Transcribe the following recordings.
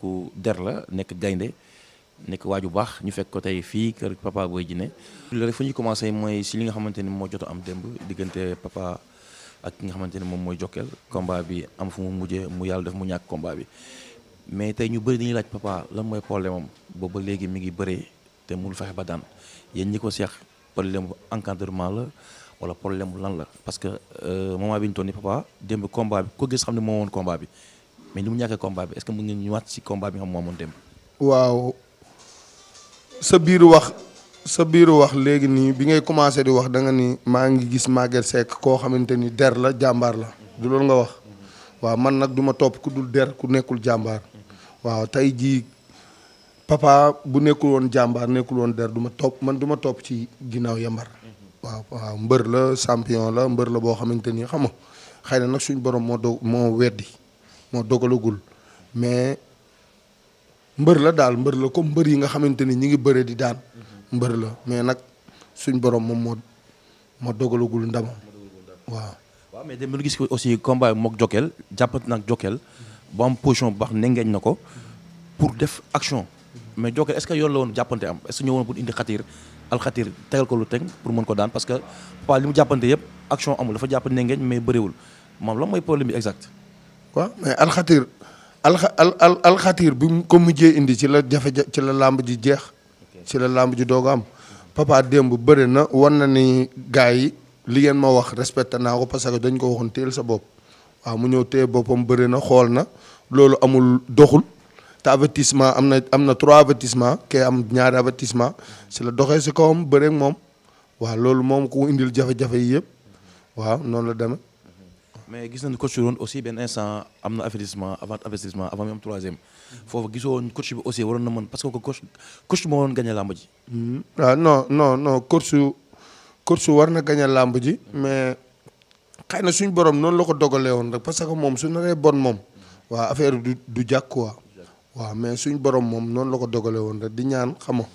ku der la nekk gaynde nekk waaju baax ñu fekk ko tey fii kër Papa Boy Djiné loolu rek fu ñuy commencé mooy si li nga xamante ni moo jot am démb diggante papa ak ki nga xamante ni moom mooy jokkeel combat bi am fu mu mujjee mu yàlla def mu ñàkk combat bi mais tey ñu bëri dañuy laaj papa lan mooy problème am booba léegi mi ngi bëree te mënul fexe ba daan yéen ñi ko seex problème bu encadrement la wala problème lan la parce que euh, moment bi ñu toll nii papa démb combat bi ne moo woon combat bi mais li mu ñàkkee combat bi est-ce que mu ngi si combat bi nga xam moo dem waaw sa biir wax sa biir wax léegi ni bi ngay commencé di wax da nga ni ma ngi gis Maguette sek ko xamante ni der la jambar la du loolu nga wax waaw man nak duma top ku dul der ku nekkul jambar waaw tay ji papa bu nekkul won jambar nekkul won der duma top man duma top topp ci ginnaaw yambar waaw waaw mbeur la champion la mbeur la bo xamanteni xam nga borom mo do mo weddi moo dogalagul mais mbër la daal mbër la comme mbër yi nga xamante ni ñi ngi bëre di daan mbër la mais nag suñ borom moom moo moo dogalagul ndamam waaw. waaw mais dem lu gis ko aussi combat mook Jokal jàppante nag Jokal bu am position bu baax nengeeñ na ko pour def action mais Jokal est-ce que yoon la woon jàppante am est-ce que ñëwoon pour indi xatiir alxatiir tegal ko lu teg pour mën ko daan parce que Paa li mu jàppante yëpp action amul dafa jàpp nengeeñ mais bëriwul moom lan mooy problème bi exact. waaw mais alxatir alxa al al alxatir bi mu ko mujjee indi ci la jafe ci la làmb ji jeex ci la làmb ji doog am papa démb bëri na wan na ni gars yi li ngeen ma wax respecté naa ko parce que dañ ko waxoon téel sa bopp waaw mu ñëw téye boppam bëri na xool na loolu amul doxul te avertissement am na am na trois avertissement kee am ñaari avertissement si la doxee si kawam bëreeg moom waaw loolu moom ku indil jafe-jafe yi yëpp waaw noonu la demee. mais gis nañ coach ron aussi ben instant amna investissement avant investissement avant même troisième fofu gisoon coach bi aussi waroon na mën parce que coach coach mo won gagner làmb ji. Hmm. Ah, non non non coach coach war na gagné làmb ji mais xëy suñ borom non la ko dogalee won rek parce que mom suñ naree bon mom wa affaire du du jàkk quoi wa mais suñ borom mom non la ko dogalee won rek di ñaan xam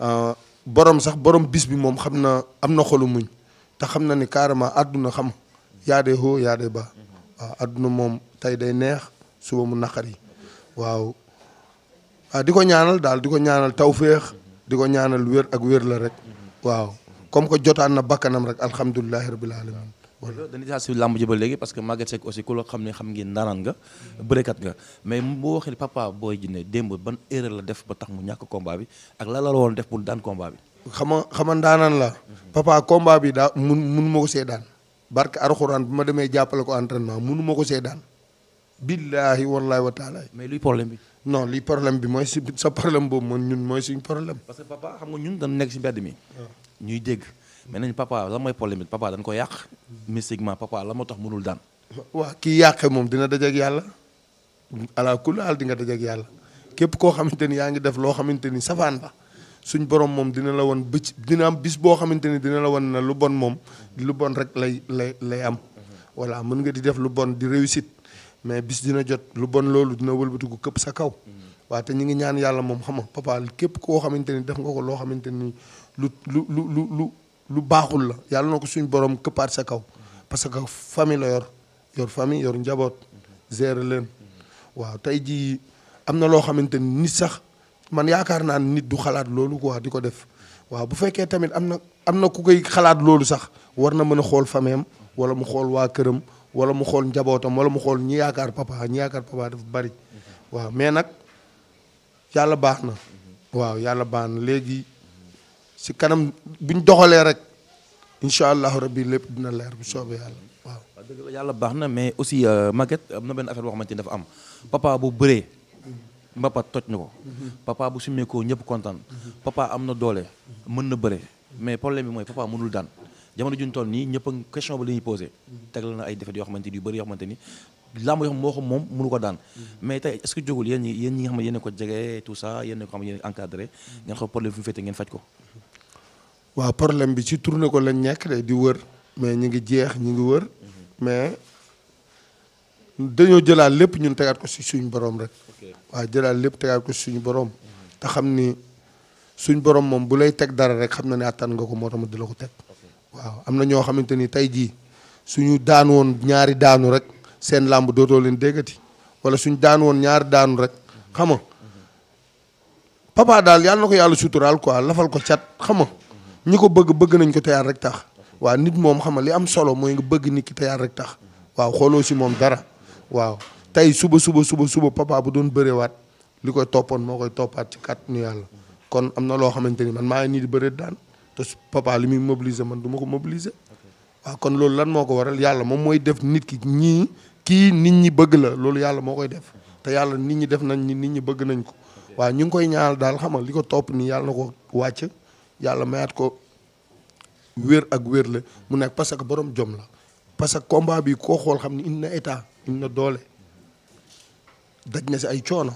ah, borom sax borom bis bi mom xamna amna xolu muñ ta xamna na ni carrément aduna xam. yaa de hoo yaa ba waaw adduna moom tey day neex suba mu naqari waaw ah di ko ñaanal daal di ko ñaanal tawféex di ko ñaanal wér ak wér la rek waaw comme que jotaan na bakkanam rek alhamdulilahi rabil alamin wala dañuy daal si làmb ji ba léegi parce que Maguette Seck aussi xam ne xam ngeen ndaanaan nga bërekat nga mais boo waxee papa Boy Djiné démb ban erreur la def ba tax mu ñàkk combat bi ak la la woon def pour daan combat bi. xama xama ndaanaan la. papa combat bi daa mun mun ma ko see barke alquran bima ma demee jàppale ko entraînement munu ma ko seedaan billaahi wallaahi wa taala mais luy problème bi non li problème bi mooy sa problème boobu moom ñun mooy suñ problème parce que papa xam nga ñun dañ nekk si mbedd mi ñuy dégg mais nañ papa la mooy problème papa dañ ko yàq mystiquement papa la moo tax dan. daan waaw kii yàqe moom dina ak yàlla ala kulal di nga dajek yàlla képp koo xamante ni yaa ngi def loo xamante ni ba suñ borom moom dina la woon bëcc dina am bis boo xamante ni dina la woon na lu bon moom lu bon rek lay lay lay am voilà mën nga di def lu bon di réussite mais bis dina jot lu bon loolu dina wëlbatiku këpp sa kaw waaw te ñu ngi ñaan yàlla moom xama nga képp koo xamante ni def nga ko loo xamante ni lu lu lu lu lu lu baaxul la yàlla na ko suñ borom këppaat sa kaw parce que famille la yor yor famille yor njaboot gérer leen waaw tey jii am na loo xamante ni nit sax man yaakaar naa nit du xalaat loolu quoi di ko def waaw bu fekkee tamit am na am na ku koy xalaat loolu sax war na mën a xool fameem wala mu xool waa këram wala mu xool njabootam wala mu xool ñi yaakaar papa ñi yaakaar papa dafa bari mais nag yàlla baax na waaw yàlla baax na léegi si kanam buñ doxalee rek incha allahu rabbi lépp dina leer bu soobee yàlla waaw. waaw dëgg la baax na mais aussi euh, Maguette am na benn affaire boo xamante ni dafa am papa bu bëree. mbapat toj nako papa bu simé ko ñep kontaan papa amna doole mën na bëre mais problème bi moy papa mënul daan jamono juñ toll ni ñep question bu la poser posé tegal na ay défaite yo xamante ni yu bëri yo xamante ni lamb yoo xam moo mënu ko daan mais tay est ce que jogul yeen yeen ñi nga xam ne ko jege tout ça yéen ko xam ne encadré ngeen xam problème fu fété ngeen fajj ko wa problème bi ci tourner ko lañ ñek de di wër mais ñi ngi jéx ñi ngi wër mais dañoo jëlaat lépp ñun tegaat ko si suñu borom rek waaw jëlaat lépp tegaat ko si suñu borom te xam ni suñ borom moom bu lay teg dara rek xam na ne attan nga ko moo tax ma di la ko teg waaw am na ñoo xamante ni tey jii suñu daan woon ñaari daanu rek seen làmb dootoo leen déggati wala suñ daan woon ñaari daanu rek xam nga papa daal yàlla na ko yàlla suturaal quoi lafal ko cat xam nga ñi ko bëgg bëgg nañ ko te yàlla rek tax waaw nit moom xam nga li am solo mooy nga bëgg nit ki te rek tax waaw xooloo si moom dara waaw tey suba suba suba suba papa bu doon bërewaat li koy toppoon moo koy toppaat ci kàttanu yàlla kon am na loo xamante ni man maa ngi nii di bëre daan te papa li muy mobiliser man duma ko mobiliser waaw kon loolu lan moo ko waral yàlla moom mooy def nit ki ñii kii nit ñi bëgg la loolu yàlla moo koy def te yàlla nit ñi def nañ ni nit ñi bëgg nañ ko waaw ñu ngi koy ñaanal daal xam nga li ko topp nii yàlla ko wàcc yàlla mayaat ko wér ak wér la mu nekk parce que borom jom la parce que combat bi koo xool xam ni indi na état ñu na doole daj na si ay coono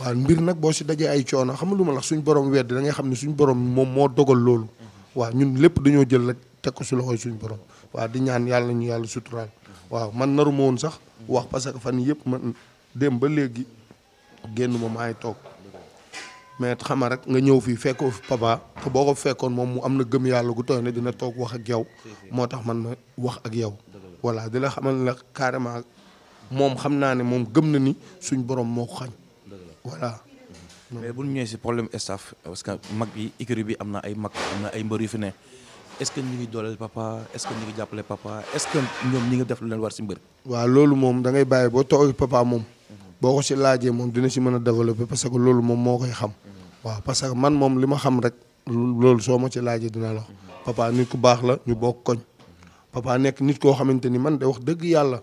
waaw mbir nag boo si dajee ay coono xam nga lu ma la suñ borom wedd da ngay xam ne suñ borom moom moo dogal loolu waa ñun lépp dañoo jël la teg ko si loxoy suñ borom waa di ñaan yàlla ñu yàlla suturaal waaw man naru ma woon sax wax parce que fan yëpp man dem ba léegi génn ma maay toog mais xama rek nga ñëw fii fekkoo fi papa te boo ko fekkoon moom mu am na gëm yàlla gu tooy ne dina toog wax ak yow moo tax man na wax ak yow voilà moom xam naa ne moom gëm na ni suñ borom moo ko xañ voilà mm-hmm. mais bu ñu si problème staff parce mag yi écurie bi am na ay mag am na ay mbër yu fi ne est-ce que ñu ngi dooleel papa est-ce que ñu jàppale papa est-ce que ñoom ñi ngi def lu leen war si mbër waaw loolu moom da ngay boo toog papa moom mm-hmm. boo ko si laajee moom dina si mën a développer parce que loolu moom moo koy xam mm-hmm. waaw parce que man moom li ma xam rek loolu soo ma ci laajee dina la papa nit ku baax la ñu bokk koñ papa nekk nit koo xamante ni man de wax dëgg yàlla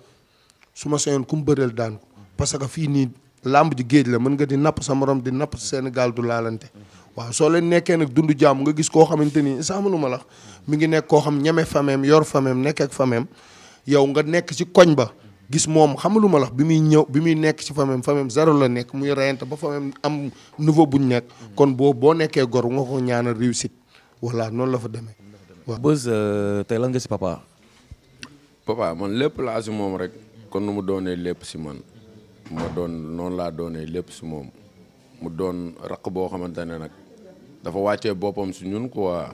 suma ma kum beurel dan daan ko parce que fi ni lamb ji geej la mën nga di nap sa morom di nap senegal du lalante wa so le nekké nak dundu jam nga gis ko xamanteni sa sàmmalu ma la mi ngi nekk ko xam ñame famem yor famem nekk ak famem yow nga nekk ci koñ ba gis moom xamalu ma la bi mi ñew bi mi nekk ci famem famem la nekk muy rayante ba famem am nouveau buñ nekk kon bo bo nekké gor nga ko ñaanal réussite wala non la fa démé waaw Beuz tey nga si papa papa man lepp la mom rek kon nu mu doonee lépp si man ma doon noonu laa doonee lépp si moom mu doon raq boo xamante ne nag dafa wàccee boppam si ñun quoi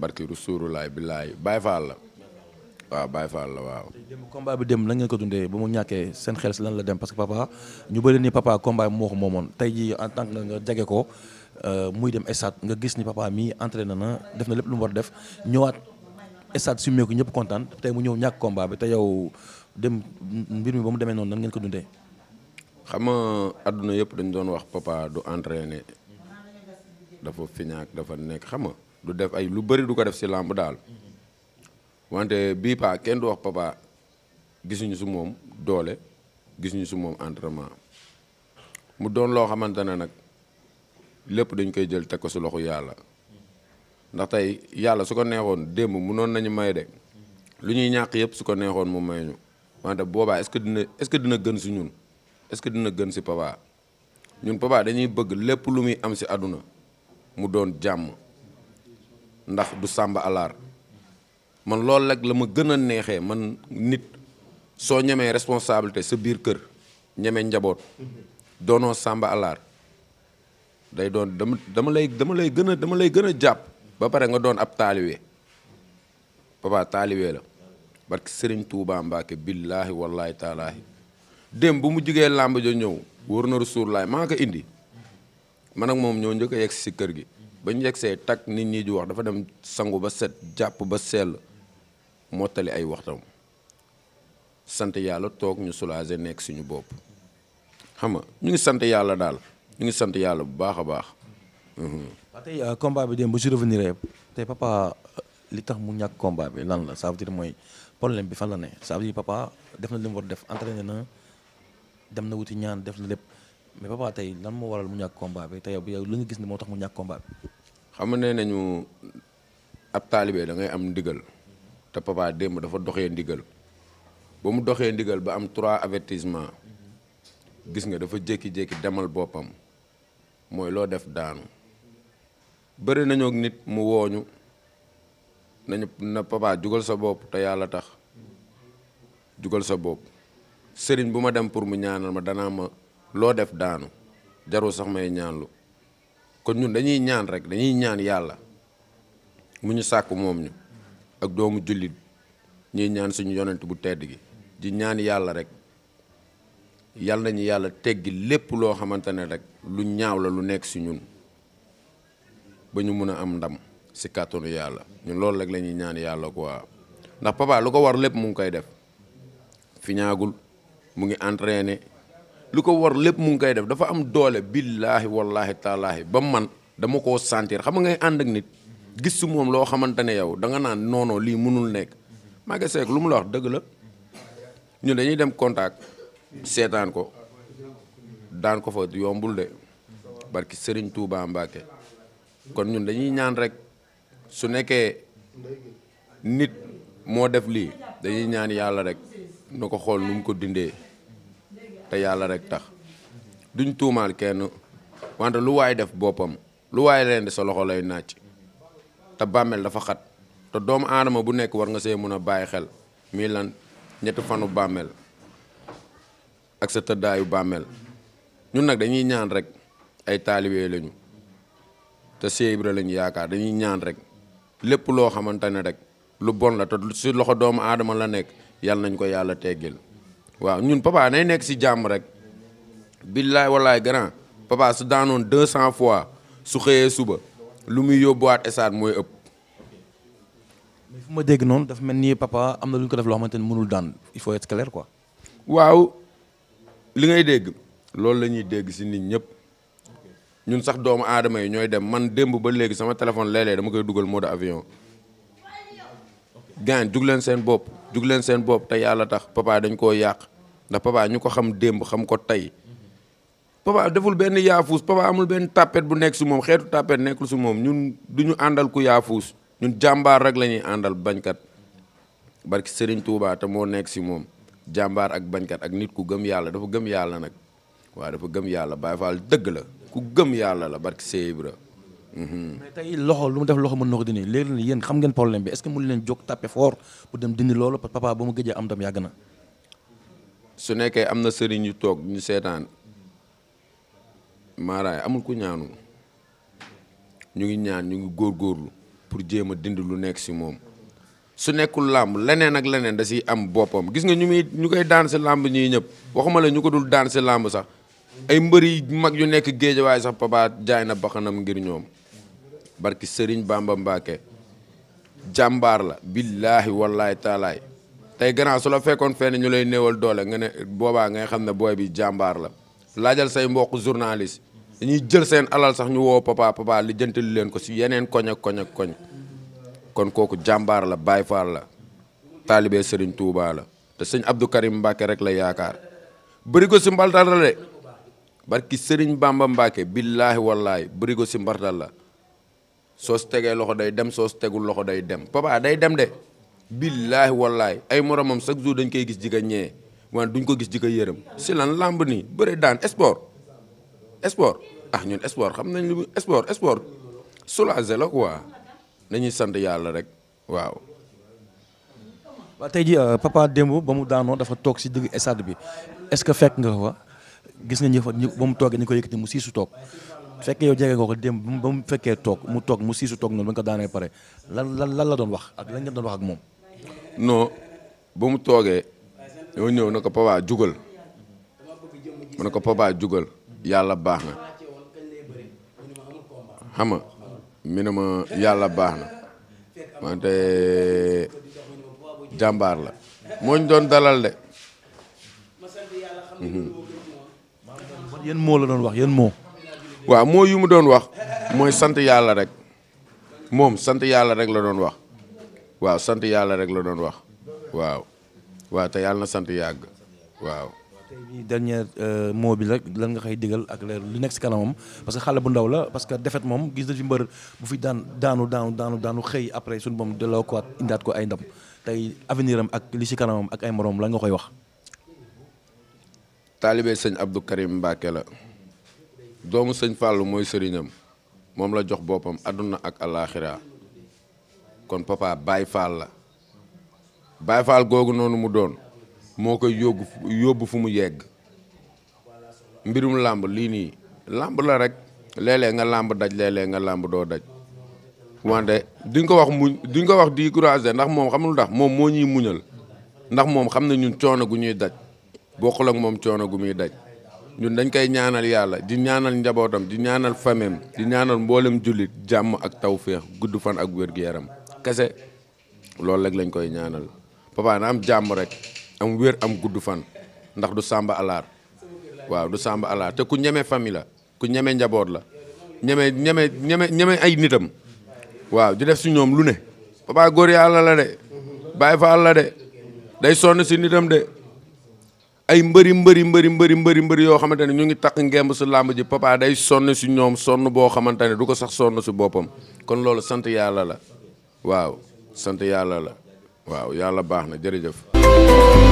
barki Rasuulu laay billaay Baay Faal la waaw Baay Faal la waaw. démb combat bi dem lan ngeen ko dundee ba mu ñàkkee seen xel si lan la dem parce que papa ñu bëri ni papa combat bi moo ko moomoon tey jii en tant que nga jage ko euh, muy dem stade nga gis ni papa mii entraîné na na def na lépp lu mu war def ñëwaat stade su ñëpp kontaan tey mu ñëw ñàkk combat bi te yow. dem mbir mi ba mu demee noonu nan ngeen ko dundee. xam nga àdduna yëpp dañ doon wax papa du entraîner dafa fiñaak dafa nekk xam nga du def ay lu bëri du ko def si làmb daal wante bipa kenn du wax papa gisuñu su moom doole gisuñu su moom entraînement mu doon loo xamante ne nag lépp dañ koy jël teg ko si loxo yàlla ndax tey yàlla su ko neexoon démb mënoon nañu may de lu ñuy ñàkk yëpp su ko neexoon mu may ñu. wante boobaa est-ce que dina est dina gën si ñun est-ce que dina gën si Papa ñun Papa dañuy bëgg lépp lu muy am si àdduna mu doon jàmm ndax du sàmba alaar man loolu rek la ma gën a neexee man nit soo ñemee responsabilité sa biir kër ñeme njaboot doonoo sàmba alaar day doon dama dama lay dama lay gën a dama lay gën a jàpp ba pare nga doon ab taaliwe Papa taaliwee la bark Serigne Touba mbake billahi wallahi taala dem bu mu jugee lamb jo ñew wóor na Rasuulullaah maa ko indi man ak mom ñoo ñëk yex ci kër gi ba yexé tak nit ñi di wax dafa dem sangu ba set japp ba sel motali ay waxtam sante yalla tok ñu soulagé nek suñu bop xam nga ñu ngi sante yalla dal ñu ngi sante yalla bu baaxa baax. hmm combat bi dem bu ci revenir papa li tax mu ñàkk combat bi lan la ça veut mooy problème bi fan la ne ça veut dire papa def na li mu war def entraîné na dem na wuti ñaan def na lépp mais papa tey lan moo waral mu ñàkk combat bi te yow yow li nga gis ne moo tax mu ñàkk combat bi. xam nga nee nañu ab taalibe da ngay am ndigal te papa démb dafa doxee ndigal ba mu doxee ndigal ba am trois avertisement gis nga dafa jékki-jékki demal boppam mooy loo def daanu bëri nañoo nit mu wooñu nañu na papa jugal sa bop ta yalla tax jugal sa bop serigne buma dem pour mu ñaanal ma dana ma lo def daanu jaru sax may ñaanlu kon ñun dañuy ñaan rek dañuy ñaan yalla mu ñu sàkk ñu ak doomu julit ñi ñaan suñu yonent bu tedd gi di ñaan yalla rek yalla nañu yalla teggi lepp lo xamantene rek lu ñaaw la lu nekk ci ñun bañu mëna am ndam si kàttanu yàlla ñun loolu rek la ñuy ñaan yàlla quoi ndax papa lu ko war lépp mu ngi koy def fiñaagul mu ngi entraîné lu ko war lépp mu ngi koy def dafa am doole billaahi wallaahi taalaahi ba man dama koo sentir xam nga ngay ànd ak nit gis moom loo xamante ne yow da nga naan noonoo lii mënul nekk Maguette Seck lu mu la wax dëgg la ñun dañuy dem contact seetaan ko daan ko fa yombul de barki Serigne Touba Mbacke kon ñun dañuy ñaan rek. su nekkee nit moo def lii dañuy ñaan yàlla rek nu ko xool nu mu ko dindee te yàlla rek tax duñ tuumaal kenn wante lu waay def boppam lu waay leen rendi sa loxo lay nàcc te bàmmeel dafa xat te doomu aadama bu nekk war nga see mën a bàyyi xel mii lan ñetti fanu bàmmeel ak sa tëddaayu bàmmeel ñun nag dañuy ñaan rek ay taalibe lañu te Seex lañu yaakaar dañuy ñaan rek lépp loo xamante ne rek lu bon la te si loxo doomu aadama la nekk yàlla nañ ko yàlla teggil waaw ñun papa nay nekk si jàmm rek billaay wallaay grand papa su daanoon deux cent fois su xëyee suba lu muy yóbbuwaat esaat mooy ëpp. mais fu ma dégg noonu dafa mel nii papa am na luñ ko def loo xamante ni mënul daan il faut être clair waaw li ngay dégg loolu la ñuy dégg si nit ñëpp. ñun sax doomu aadama yi ñooy dem man démb ba léegi sama téléphone léeg-léeg dama koy dugal mode avion gaan jug leen seen bopp jug leen seen bopp te yàlla tax papa dañ koo yàq ndax papa ñu ko xam démb xam ko tey papa deful benn yaafuus papa amul benn tapet bu nekk si moom xeetu tapet nekkul si moom ñun du ñu àndal ku yaafuus ñun jàmbaar rek lañuy àndal bañkat barki Serigne Touba te moo nekk si moom jàmbaar ak bañkat ak nit ku gëm yàlla dafa gëm yàlla nag waaw gëm yàlla Baye dëgg la. ku gëm yàlla la barke Sèye Ibra. Mhm. mais tey loxo lu mu def loxo ma na di dindi léegi nag yéen xam ngeen problème bi est-ce que mën leen jóg tapé fort pour dem dindi loolu parce papa ba mu gëjee am dam yàgg na. su nekkee am na sëriñ yu toog ñu seetaan maaraay amul ku ñaanu ñu ngi ñaan ñu ngi góorgóorlu pour jéem a dindi lu nekk si moom su nekkul làmb leneen ak leneen da si am boppam gis nga ñu muy ñu koy daan si làmb ñii ñëpp waxuma ñu ko dul daan si làmb sax. ay mbër yi mag yu nekk waay sax Papa jaay na baxanam ngir ñoom barki Serigne Bamba mbaake jàmbaar la billaahi wallaahi taalaay tey grand su la fekkoon fenn ñu lay néewal doole nga ne boobaa ngay xam ne booy bi jàmbaar la laajal say mbokk journaliste dañuy jël seen alal sax ñu woo Papa Papa li jëntali leen ko si yeneen koñ ak koñ kon kooku jàmbaar la Baay Faal la taalibe Serigne Touba la te sëñ Abdou Karim Mbacke rek la yaakaar bëri ko si mbaltal barki serigne Bamba mbake billahi wallahi beri si mbartal la sos tege loxo day dem sos tegul loxo day dem papa day dem de billahi wallahi ay moromam chaque jour dañ koy gis di ko wan duñ ko gis di ko ci lan lamb ni beure daan sport sport ah ñun sport xam nañ lu sport sport sulu azelo quoi dañuy sante yalla rek waaw. ba tayji euh, papa dembu bamu daano dafa tok ci deug stade bi est-ce que fek nga wa gis nga ñi fa ba mu toogee ñu ko yëkkati mu siisu toog fekkee yow jege nga ko dem ba mu fekkee toog mu toog mu siisu toog noonu ba nga ko daanee pare lan lan lan la doon wax ak lan nga doon wax ak moom. non ba mu toogee yow ñëw na ko Papa jugal mu ne ko Papa jugal yàlla baax na xam nga mi ne ma yàlla baax na wante jàmbaar la mooñ doon dalal de. Mhm. yan moo la doon wax yan moo. waaw moo yu mu doon wax mooy sant yàlla rek moom sant yàlla rek la doon wax waaw sant yàlla rek la doon wax waaw waaw te yàlla na sant yàgg waaw. tey jii dernier euh, mot bi rek lan nga koy digal ak leer lu nekk si kanamam parce que xale bu ndaw la parce que defet moom gis na ci mbër bu fi daan daanu daanu daanu daanu xëy après suñu moom delloo ko indaat ko ay ndam tey avenir am ak li ci kanamam ak ay moroom lan nga koy wax. taalibe sëñ Abdou Karim Mbacke la doomu sëñ Fallou mooy sëriñam moom la jox boppam àdduna ak alaaxira kon papa baay Fall la Baye Fall googu noonu mu doon moo koy yóbbu fu mu yegg mbirum làmb lii nii làmb la rek léeg nga làmb daj léeg nga làmb doo daj wante duñ ko wax muñ duñ ko wax di courage ndax moom xam lu ndax moom moo ñuy muñal ndax moom xam na ñun coono gu ñuy daj bokkul ak moom coono gu muy daj ñun dañ koy ñaanal yàlla di ñaanal njabootam di ñaanal famem di ñaanal mboolem jullit jàmm ak taw tawféex gudd fan ak wér gi yaram kese loolu rek lañ koy ñaanal papa na jàmm rek am wér am gudd fan ndax du sàmba alaar waaw du sàmba alaar te ku ñeme famille la ku ñeme njaboot la ñeme ñeme ñeme ñeme ay nitam waaw di def si ñoom lu ne papa góor yàlla la de bàyyi fa àlla de day sonn si nitam de ay mbëri mbëri mbëri mbëri mbëri mbëri yoo xamante ne ñu ngi takk ngemb su làmb ji papa day sonn si ñoom sonn boo xamante ne du ko sax sonn si boppam kon loolu sant yàlla la waaw sant yàlla la waaw yàlla baax na jërëjëf